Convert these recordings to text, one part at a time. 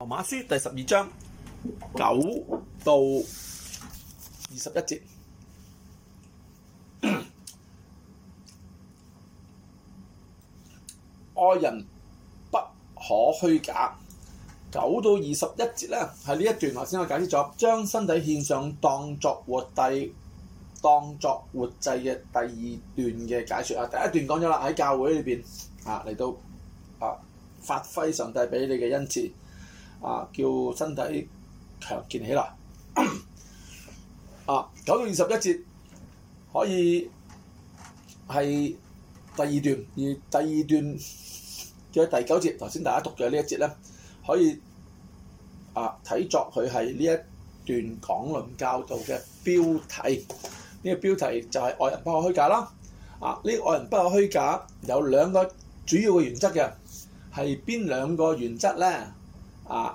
《羅馬書》第十二章九到二十一節， 愛人不可虛假。九到二十一節咧，喺呢一段頭先我解釋咗，將身體獻上當作活祭，當作活祭，當作活祭嘅第二段嘅解說啊。第一段講咗啦，喺教會裏邊啊嚟到啊，發揮上帝俾你嘅恩賜。啊！叫身體強健起來。 啊，九到二十一節可以係第二段，而第二段嘅第九節，頭先大家讀嘅呢一節咧，可以啊睇作佢係呢一段講論教導嘅標題。呢、這個標題就係愛人不可虛假啦。啊，呢、這個、愛人不可虛假有兩個主要嘅原則嘅，係邊兩個原則咧？啊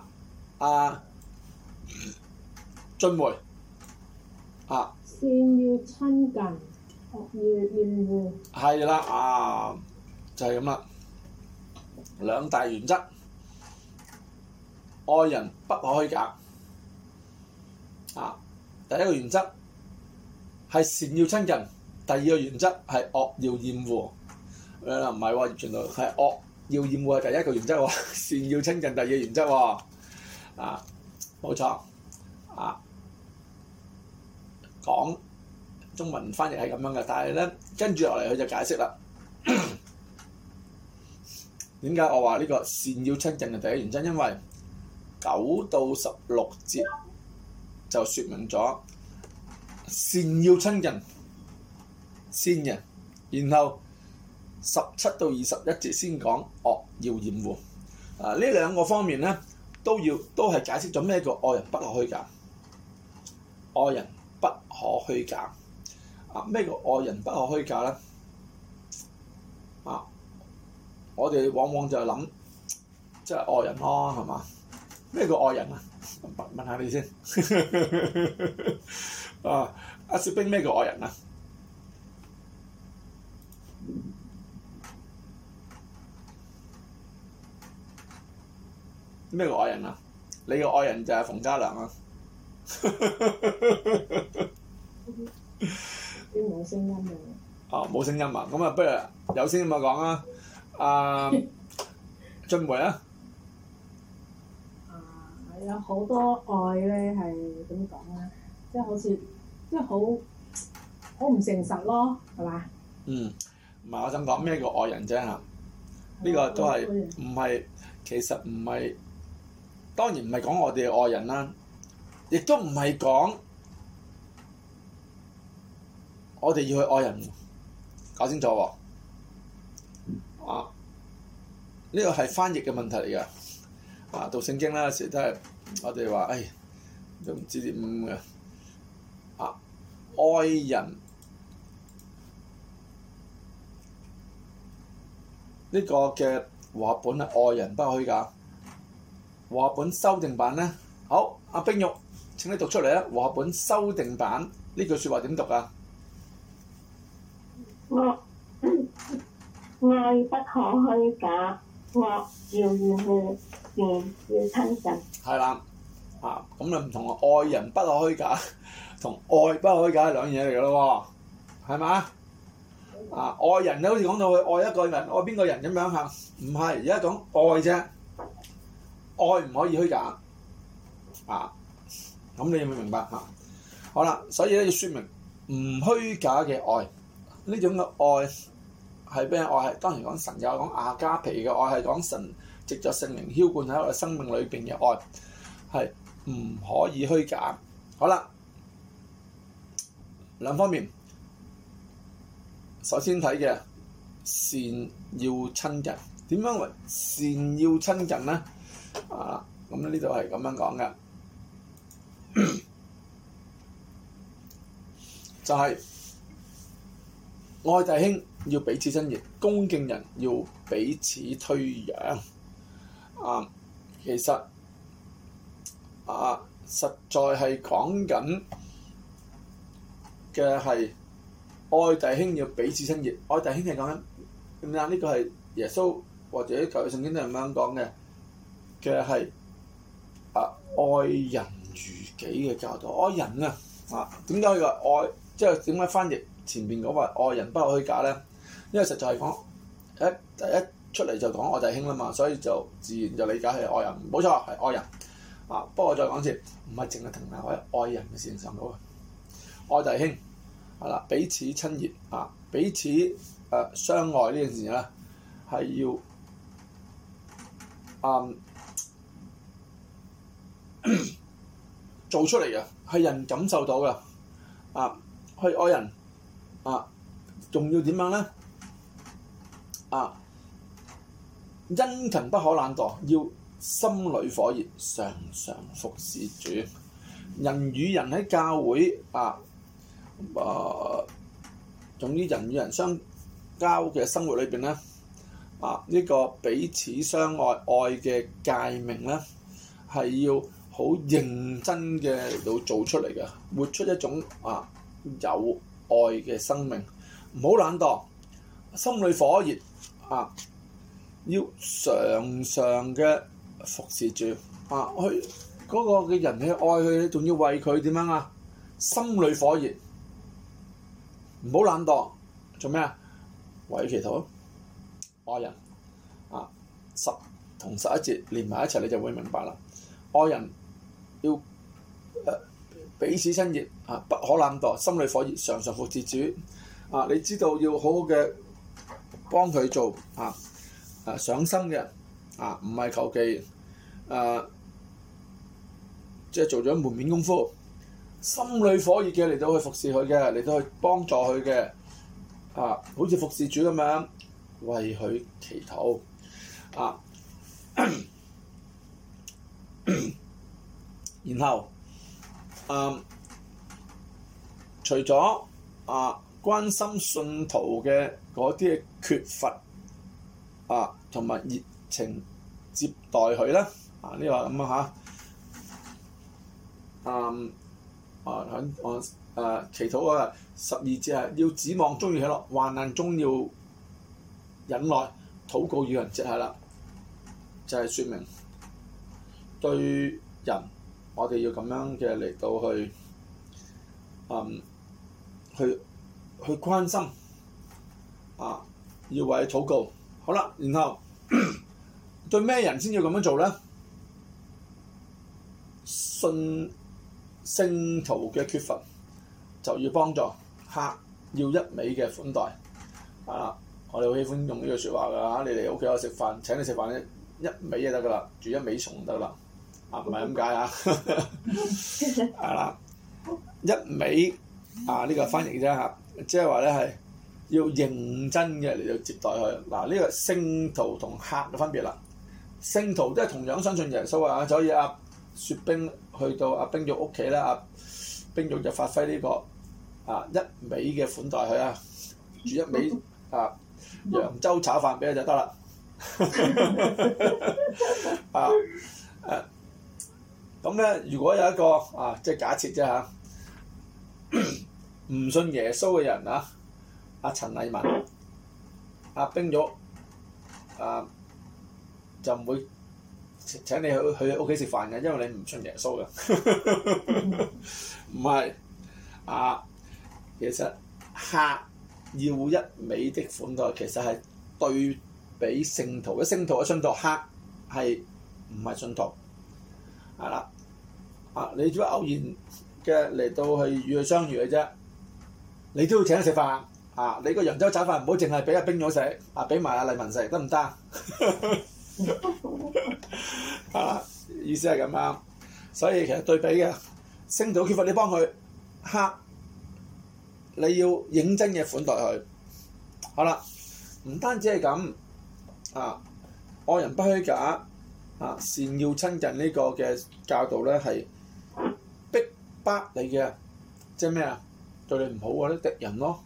啊進退啊！啊回啊，善要親近，惡要厭惡。係啦，啊就係咁啦，兩大原則，愛人不可虛假。啊，第一個原則係善要親近，第二個原則係惡要厭、啊啊、惡。咁啊，唔係話完全係惡。要厭惡啊！第一個原則喎、哦，善要親近，第二個原則喎、哦，啊冇錯啊，講中文翻譯係咁樣嘅，但係咧，跟住落嚟佢就解釋啦。點解 我話呢個善要親近嘅第一原則？因為九到十六節就説明咗善要親近善人，然後。十七到二十一節先講惡、哦、要掩護，啊呢兩個方面咧都要都係解釋咗咩叫愛人不可虛假，愛人不可虛假，啊咩叫愛人不可虛假咧？啊，我哋往往就係諗，即係愛人咯，係嘛？咩叫愛人啊？問，問下你先， 啊，阿小冰咩叫愛人啊？咩叫愛人啊？你 個愛人就係馮嘉良啊！啲冇聲音啊！哦，冇聲音啊！咁啊，不如有聲咁啊講啊！阿俊梅啊！有好多愛咧，係點講咧？即係好似，即係好好唔誠實咯，係嘛？嗯，唔係我想講咩叫愛人啫嚇？呢個都係唔係其實唔係。當然唔係講我哋愛人啦，亦都唔係講我哋要去愛人，搞清楚喎。呢個係翻譯嘅問題嚟嘅。啊，讀聖經啦，成日都係我哋話，唉、哎，都唔知點咁嘅。啊，愛人呢個嘅話本係愛人不可虛假。《和本修訂版》咧，好，阿、啊、冰玉，請你讀出嚟啦，《和本修訂版》呢句説話點讀啊？愛不可虛假，惡要遠去，善要親近。係啦，啊咁就唔同啦，愛人不可虛假，同愛不可虛假係兩樣嘢嚟嘅咯，係嘛？啊，愛人你好似講到去愛一個人，愛邊個人咁樣嚇，唔、啊、係而家講愛啫。愛唔可以虛假啊！咁你有冇明白啊？好啦，所以咧，要説明唔虛假嘅愛，呢種嘅愛係咩？愛係當然講神，又講亞加皮嘅愛，係講神藉著聖靈澆灌喺我生命裏邊嘅愛係唔可以虛假。好啦，兩方面，首先睇嘅善要親近，點樣為善要親近咧？啊！咁、嗯、呢度係咁樣講嘅， 就係、是、愛弟兄要彼此親熱，恭敬人要彼此推讓。啊，其實啊，實在係講緊嘅係愛弟兄要彼此親熱，愛弟兄係講緊咁樣。呢、這個係耶穌或者舊約聖經都係咁樣講嘅。其係啊，愛人如己嘅教導。愛人啊，啊，點解又愛？即係點解翻譯前面嗰個愛人不可虛假咧？因為實在係講一第一出嚟，就講愛弟兄啦嘛，所以就自然就理解係愛人，冇錯係愛人。啊，不過我再講一次，唔係淨係停留喺愛人嘅事情上到，愛弟兄係啦，彼此親熱啊，彼此誒相愛呢件事咧，係要啊。 做出嚟嘅係人感受到嘅啊，去愛人啊，仲要點樣咧？啊，殷、啊、勤不可懶惰，要心裏火熱，常常服事主。人與人喺教會啊，誒、啊，總之人與人相交嘅生活裏邊咧，啊，呢、這個彼此相愛愛嘅界名咧，係要。好認真嘅嚟到做出嚟嘅，活出一種啊有愛嘅生命，唔好懶惰，心裏火熱啊，要常常嘅服侍住啊，去嗰、那個嘅人去愛佢，仲要為佢點樣啊？心裏火熱，唔好懶惰，做咩啊？為祈禱，愛人啊，十同十一節連埋一齊，你就會明白啦，愛人。要，彼此親熱啊，不可懶惰，心裏火熱，常常服侍主啊！你知道要好好嘅幫佢做啊，誒上心嘅啊，唔係求其誒，即係做咗門面功夫，心裏火熱嘅嚟到去服侍佢嘅，嚟到去幫助佢嘅啊，好似服侍主咁樣為佢祈禱啊。 然後，誒、嗯，除咗啊關心信徒嘅嗰啲嘅缺乏啊，同埋熱情接待佢啦，啊呢、這個咁啊嚇，誒誒喺我誒祈禱啊十二節啊，要指望中要喜樂，患難中要忍耐，禱告與人接下啦，就係、是、說明對人。我哋要咁樣嘅嚟到去，嗯，去去關心，啊，要為禱告，好啦，然後對咩人先要咁樣做咧？信聖徒嘅缺乏就要幫助，客要一味嘅款待，啊，我哋好喜歡用呢句説話㗎嚇，你嚟屋企我食飯，請你食飯一味就得㗎啦，煮一味餸就得㗎啦。唔係咁解啊，係啦、啊啊，一味啊呢、呢個翻譯啫嚇、啊，即係話咧係要認真嘅嚟到接待佢。嗱、啊、呢、呢個聖徒同客嘅分別啦、啊，聖徒即係同樣相信耶穌啊，所以啊，雪冰去到阿、啊、冰玉屋企咧，啊，冰玉就發揮呢、呢個啊一味嘅款待佢啊，煮一味啊揚州炒飯俾佢就得啦、啊。啊誒～啊啊咁咧，如果有一個啊，即係假設啫嚇，唔信耶穌嘅人啊，阿陳禮文、阿冰玉啊，就唔會請你去去屋企食飯嘅，因為你唔信耶穌嘅。唔係啊，其實客要一味的款待，其實係對比聖徒。嘅聖徒嘅信徒，客係唔係信徒，係啦。啊！你只不過偶然嘅嚟到去與佢相遇嘅啫，你都要請佢食飯啊！你個揚州炒飯唔好淨係俾阿冰咗食，啊俾埋阿麗文食得唔得？行行 啊！意思係咁啊！所以其實對比嘅聖徒缺乏，你幫佢吓，你要認真嘅款待佢。好啦，唔單止係咁啊！愛人不虛假啊！善要親近呢個嘅教導咧，係～你嘅，即係咩啊？對你唔好嗰啲敵人咯，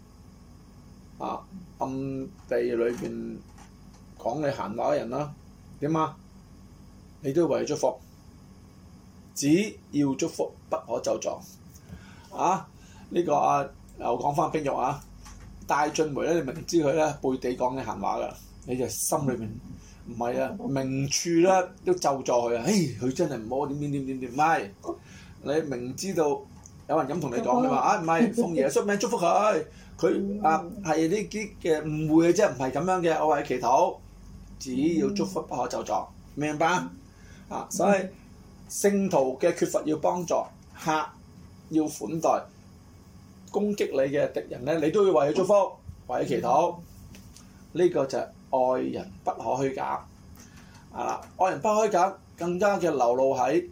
啊暗地裏邊講你閒話嘅人啦，點啊？你都為你祝福，只要祝福不可咒詛，啊呢、這個啊我講翻兵玉啊，戴俊梅咧，你明知佢咧背地講你閒話嘅，你就心裏面唔係啊，明處咧都咒詛佢啊，誒、哎、佢真係唔好點點點點點唔你明知道有人咁同你講，你話啊唔係奉耶穌名祝福佢，佢、 嗯、啊係呢啲嘅誤會嘅啫，唔係咁樣嘅。我為佢祈禱，只要祝福不可咒詛，明白啊？所以聖徒嘅缺乏要幫助，客要款待，攻擊你嘅敵人咧，你都要為佢祝福，為佢、嗯、祈禱。呢、嗯、個就係愛人不可虛假啊！愛人不可虛假，更加嘅流露喺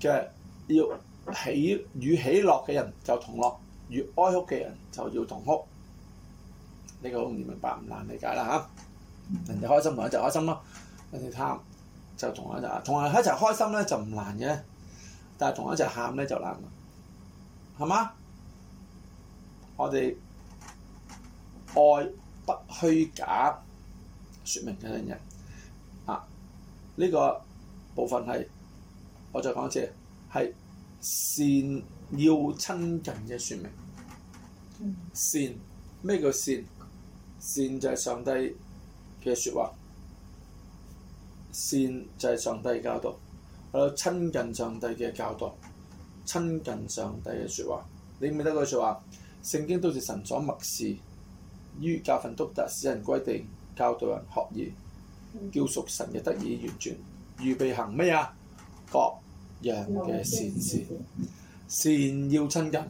嘅。要喜與喜樂嘅人就同樂，與哀哭嘅人就要同哭。呢、這個好易明白，唔難理解啦嚇、啊。人哋開心同佢就開心咯，人哋喊就同佢就同人一齊開心咧就唔難嘅，但係同佢一齊喊咧就難。係嘛？我哋愛不虛假說，說明嘅一樣嘢啊！呢、這個部分係我再講一次。係善要親近嘅說明，善，咩叫善？善就係上帝嘅說話，善就係上帝教導，我親近上帝嘅教導，親近上帝嘅說話。你唔記得嗰句說話？聖經都是神所默示，於教訓督責，使人歸正，教導人學義，叫屬神嘅得以完全，預備行咩啊？各人嘅善事，善要親近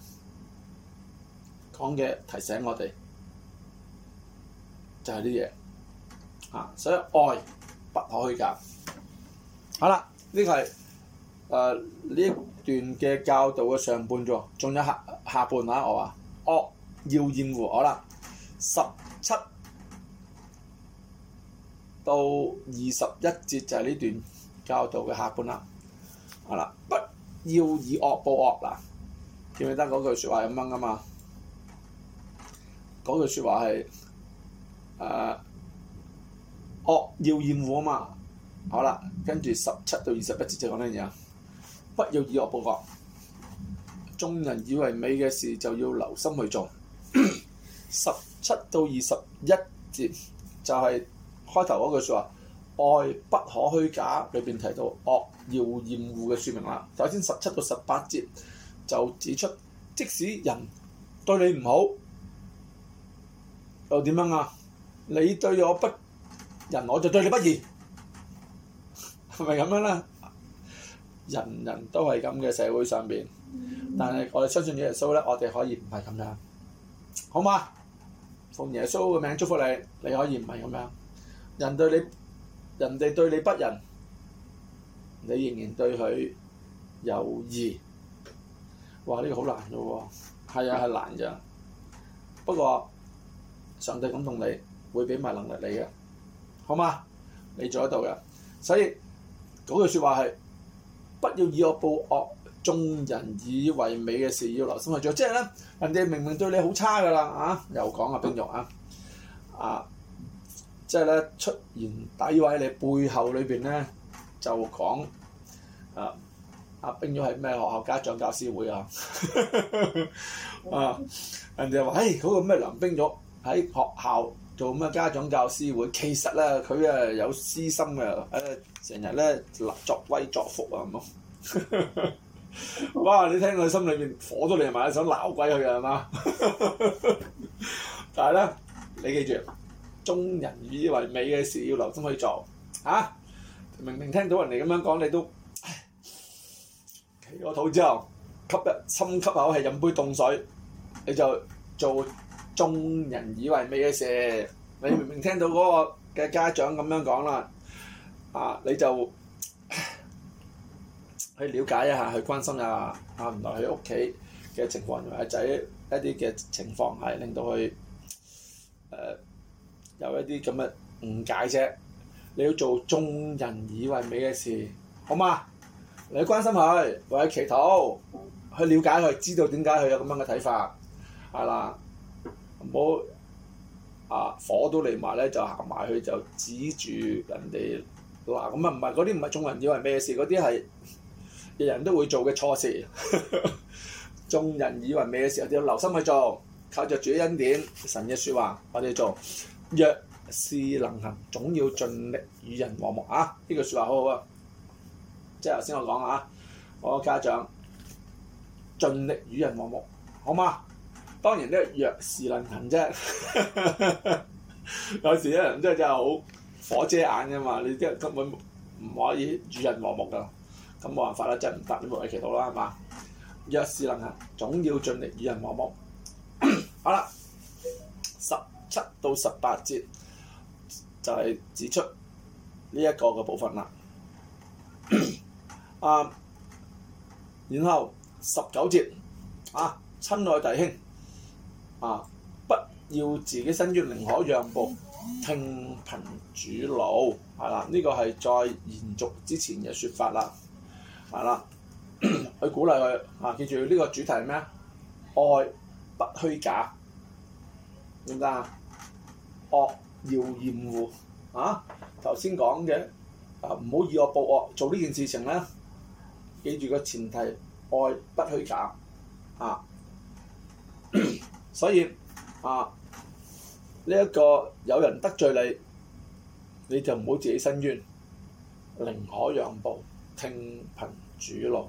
講嘅提醒我哋就係啲嘢，啊，所以愛不可虛假。好啦，呢個係誒呢段嘅教導嘅上半座，仲有下下半啦。我話惡要厭惡。好啦，十七到二十一節就係呢段教導嘅下半啦。係啦，不要以惡報惡嗱，記唔記得嗰句説話咁樣噶嘛？嗰句説話係誒惡要厭惡啊嘛，好啦，跟住十七到二十一節就講呢樣嘢，不要以惡報惡，眾人以為美嘅事就要留心去做。十七 到二十一節就係開頭嗰句説話，愛不可虛假，裏邊提到惡要厭惡嘅説明啦。首先十七到十八節就指出，即使人對你唔好又點樣啊？你對我不人，我就對你不義，係咪咁樣啦、啊？人人都係咁嘅社會上邊，但係我哋相信耶穌咧，我哋可以唔係咁樣，好唔好啊？奉耶穌嘅名祝福你，你可以唔係咁樣。人對你人哋對你不仁，你仍然對佢有義。哇！呢、這個好難嘅喎，係啊，係、啊、難啫、啊。不過上帝咁同你，會俾埋能力你嘅，好嘛？你做得到嘅。所以嗰句説話係：不要以惡報惡，眾人以為美嘅事，要留心去做。即係咧，人哋明明對你好差㗎啦，啊，又講啊，冰玉啊，啊。即係咧，出言詆毀，你背後裏邊咧，就講啊阿、啊、冰玉係咩學校家長教師會啊？ 啊人哋話：唉、哎，嗰、那個咩林冰玉喺學校做咩家長教師會？其實咧，佢係有私心嘅，唉、啊，成日咧立作威作福啊，咁。 哇！你聽佢心裏面火都嚟埋，想鬧鬼佢啊，係嘛？但係咧，你記住。眾人以為美嘅事要留心去做，嚇！明明聽到人哋咁樣講，你都企個肚之後吸一深吸口氣，飲杯凍水，你就做眾人以為美嘅事。你明明聽到嗰個嘅家長咁樣講啦，啊，你就去了解一下，去關心下，嚇！原來佢屋企嘅情況同阿仔一啲嘅情況，係令到佢誒。有一啲咁嘅誤解啫。你要做眾人以為美嘅事，好嘛？你關心佢，為佢祈禱，去了解佢，知道點解佢有咁樣嘅睇法，係啦。唔好啊，火都嚟埋咧，就行埋去就指住人哋嗱。咁啊，唔係嗰啲唔係眾人以為美嘅事，嗰啲係人人都會做嘅錯事。 眾人以為美嘅事，我哋要留心去做，靠著主恩典、神嘅説話，我哋做。若是能行，總要盡力與人和睦啊！呢句説話好好啊，即係頭先我講啊，我個家長盡力與人和睦，好嗎？當然呢，若是能行啫，有時有人真係真係好火遮眼噶嘛，你啲根本唔可以與人和睦噶，咁冇辦法啦，真係唔得，你冇去祈禱啦，係嘛？若是能行，總要盡力與人和睦， 好啦。七到十八節就係、是、指出呢一個嘅部分啦。 啊，然後十九節啊，親愛弟兄啊，不要自己伸冤，寧可讓步，聽憑主怒，係啦，呢、這個係再延續之前嘅説法啦，係啦，去 鼓勵佢啊，記住呢個主題係咩啊？愛不虛假。點解啊？惡要厭惡啊？頭先講嘅啊，唔好以惡報惡，做呢件事情咧，記住個前提愛不虛假啊。 所以啊，呢、這、一個有人得罪你，你就唔好自己伸冤，寧可讓步，聽憑主路，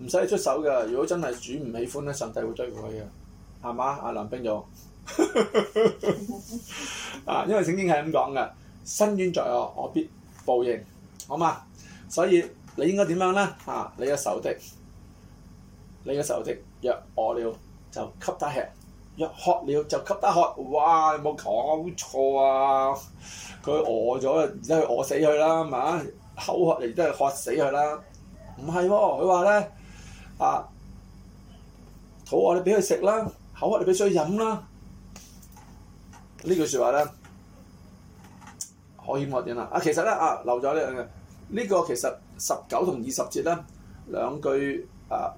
唔使出手嘅。如果真係主唔喜歡咧，上帝會追佢嘅，係嘛？阿林冰勇。 啊，因為聖經係咁講嘅，伸冤在我，我必報應，好嘛？所以你應該點樣咧？啊，你嘅仇敵，你嘅仇敵，若餓了就給他吃，若渴了就給他喝。哇，有冇講錯啊？佢餓咗，然之後餓死佢啦，係嘛？口渴，然之後渴死佢啦？唔係喎，佢話咧，啊，肚餓你俾佢食啦，口渴你俾水飲啦。句呢句説話咧，可以我點啊！啊，其實咧啊，留咗呢個，呢、這個其實十九同二十節咧，兩句啊，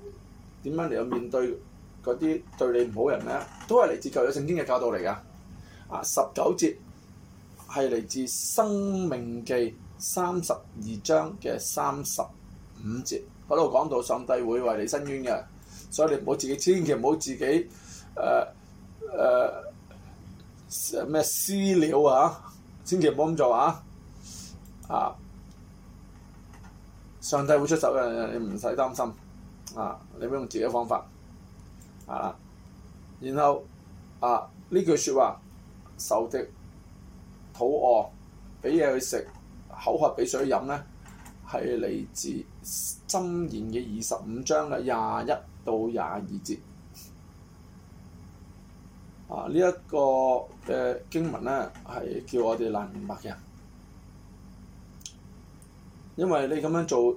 點樣嚟到面對嗰啲對你唔好人咧，都係嚟自舊約聖經嘅教導嚟噶。啊，十九節係嚟自啊、自《申命記》三十二章嘅三十五節，嗰度講到上帝會為你伸冤嘅，所以你唔好自己，千祈唔好自己誒誒。呃咩私了啊？千祈唔好咁做啊！啊，上帝會出手嘅，你唔使擔心。啊，你唔用自己方法。啊，然後啊，呢句説話，仇敵肚餓，俾嘢佢食去，口渴俾水飲咧，係嚟自箴言嘅二十五章嘅廿一到廿二節。啊！呢、這、一個嘅經文咧，係叫我哋難明白嘅，因為你咁樣做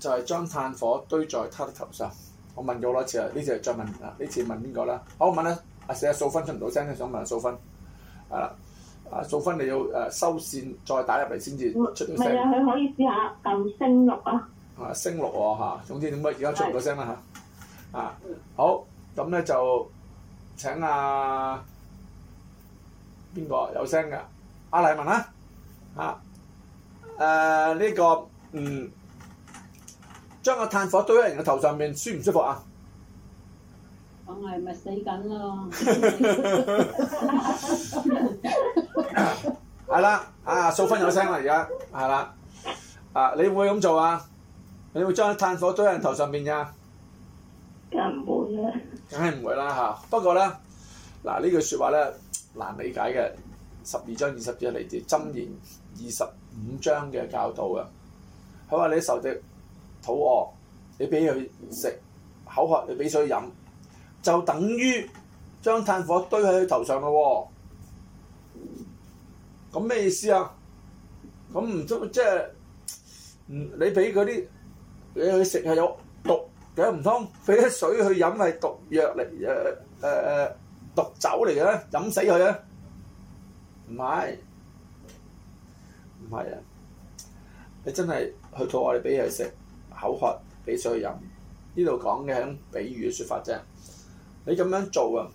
就係將炭火堆在他的頭上。我問咗好多次啊，呢次再問啊，呢次問邊個啦？好問啊，阿四阿蘇芬出唔到聲咧，想問阿蘇芬，係啦，阿蘇芬你要誒收線再打入嚟先至出到聲。啊，佢、嗯、可以試下撳升六啊。啊，升六喎嚇！總之點解而家出唔到聲啦吓，的啊，好，咁咧就。請阿邊個有聲嘅阿麗文啦，嚇，誒呢個嗯，將個炭火堆喺人嘅頭上面，舒唔舒服啊？梗係咪死緊咯？係啦，啊素芬有聲啦，而家係啦，啊你會唔會咁做啊？你會將個炭火堆喺人頭上面㗎？梗唔會啦。梗係唔會啦嚇！不過咧，嗱呢句説話咧，難理解嘅。十二章二十節嚟自箴言二十五章嘅教導嘅。佢話你仇敵肚餓，你俾佢食口渴，你俾水飲，就等於將炭火堆喺佢頭上咯喎、哦。咁咩意思啊？咁唔即係，嗯，你俾嗰啲你去食係有毒。咁唔通俾啲水去飲係毒藥嚟？嘅、呃，誒誒毒酒嚟嘅，飲死佢啊！唔係，唔係啊！你真係去到我哋俾佢食口渴，俾水去飲，呢度講嘅係種比喻嘅説法啫。你咁樣做啊，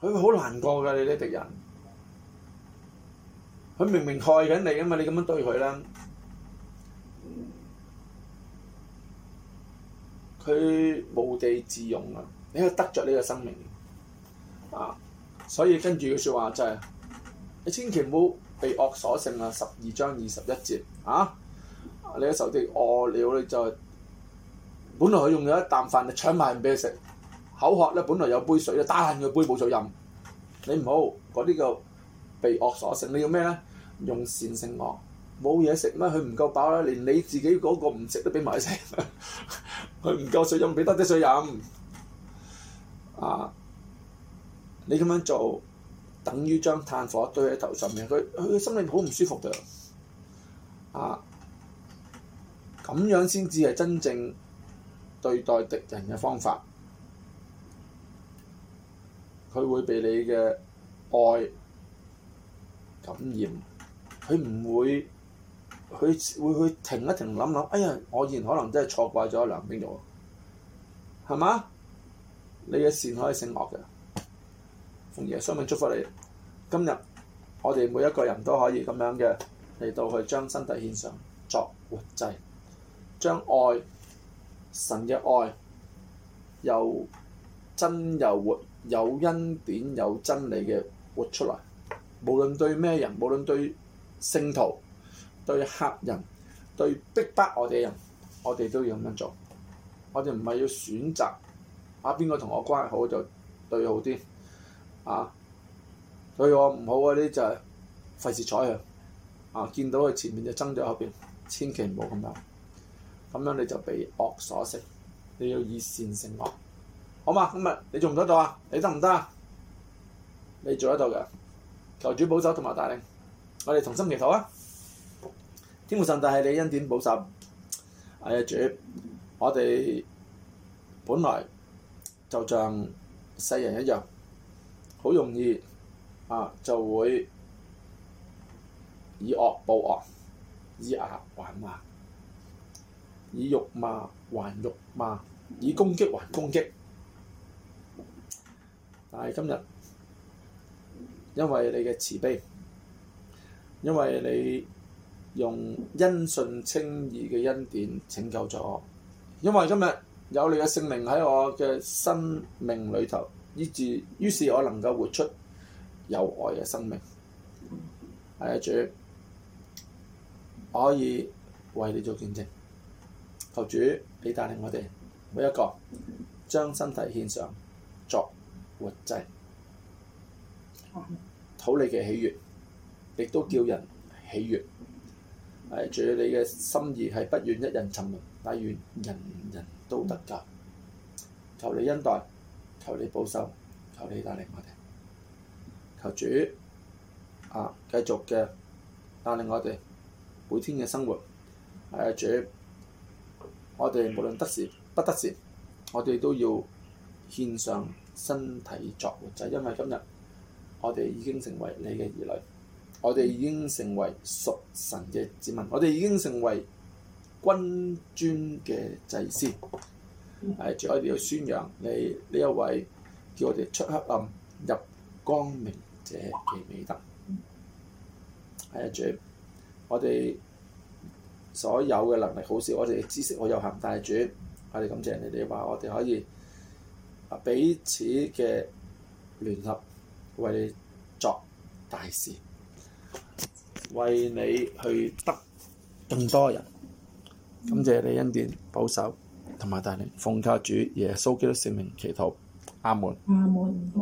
佢會好難過㗎。你啲敵人，佢明明害緊你啊嘛！你咁樣對佢啦。佢無地自容啊！你去得着呢個生命啊！所以跟住佢説話就係、是：你千祈唔好被惡所勝。」啊！十二章二十一節啊！你嘅仇敵餓了，你就是、本來佢用咗一啖飯嚟搶埋人俾佢食，口渴咧，本來有杯水咧，但係佢杯冇咗飲，你唔好嗰啲叫被惡所勝。你要咩咧？用善勝惡，冇嘢食咩？佢唔夠飽咧，連你自己嗰個唔食都俾埋食。 佢唔夠水飲，畀多啲水飲。啊！你咁樣做，等於將炭火堆喺頭上面，佢佢嘅心裏好唔舒服㗎。啊！咁樣先至係真正對待敵人嘅方法。佢會畀你嘅愛感染，佢唔會。佢會去停一停，諗諗，哎呀，我以前可能真係錯怪咗梁冰玉喎，係嘛？你嘅善可以勝惡嘅，奉耶穌名祝福你，今日我哋每一個人都可以咁樣嘅嚟到去將身體獻上作活祭，將愛神嘅愛又真又活，有恩典有真理嘅活出嚟，無論對咩人，無論對聖徒。對客人、對逼迫我哋嘅人，我哋都要咁樣做。我哋唔係要選擇啊，邊個同我關係好就對好啲啊。對我唔好嗰啲就費事睬佢啊。見到佢前面就爭咗後邊，千祈唔好咁樣。咁樣你就俾惡所食，你要以善勝惡，好嘛？咁啊，你做唔得到啊？你得唔得啊？你做得到嘅。求主保守同埋帶領，我哋同心祈禱啊！天父上帝，係你恩典保守，哎呀主，我哋本來就像世人一樣，好容易啊就會以惡報惡，以牙還牙，以辱罵還辱罵，以攻擊還攻擊。但係今日因為你嘅慈悲，因為你，用恩信稱義嘅恩典拯救咗我，因為今日有你嘅聖名喺我嘅生命裏頭，以致於是我能夠活出有愛嘅生命。阿主，我可以為你做見證。求主，你帶領我哋每一個將身體獻上作活祭，討你嘅喜悅，亦都叫人喜悅。係，主你嘅心意係不願一人沉淪，但願人人都得救。求你恩待，求你保守，求你帶領我哋。求主啊，繼續嘅帶領我哋每天嘅生活。係主，我哋無論得時不得時，我哋都要獻上身體作活祭，就是、因為今日我哋已經成為你嘅兒女。我哋已經成為屬神嘅子民，我哋已經成為君尊嘅祭司。係、嗯、主，我哋要宣揚你呢一位叫我哋出黑暗入光明者嘅美德。係啊、嗯，主，我哋所有嘅能力好少，我哋嘅知識好有限，但係主，我哋感謝你哋話我哋可以啊彼此嘅聯合為你作大事。為你去得更多人，感謝你恩典保守同埋帶領，奉靠主耶穌基督聖名祈禱，阿門。阿門。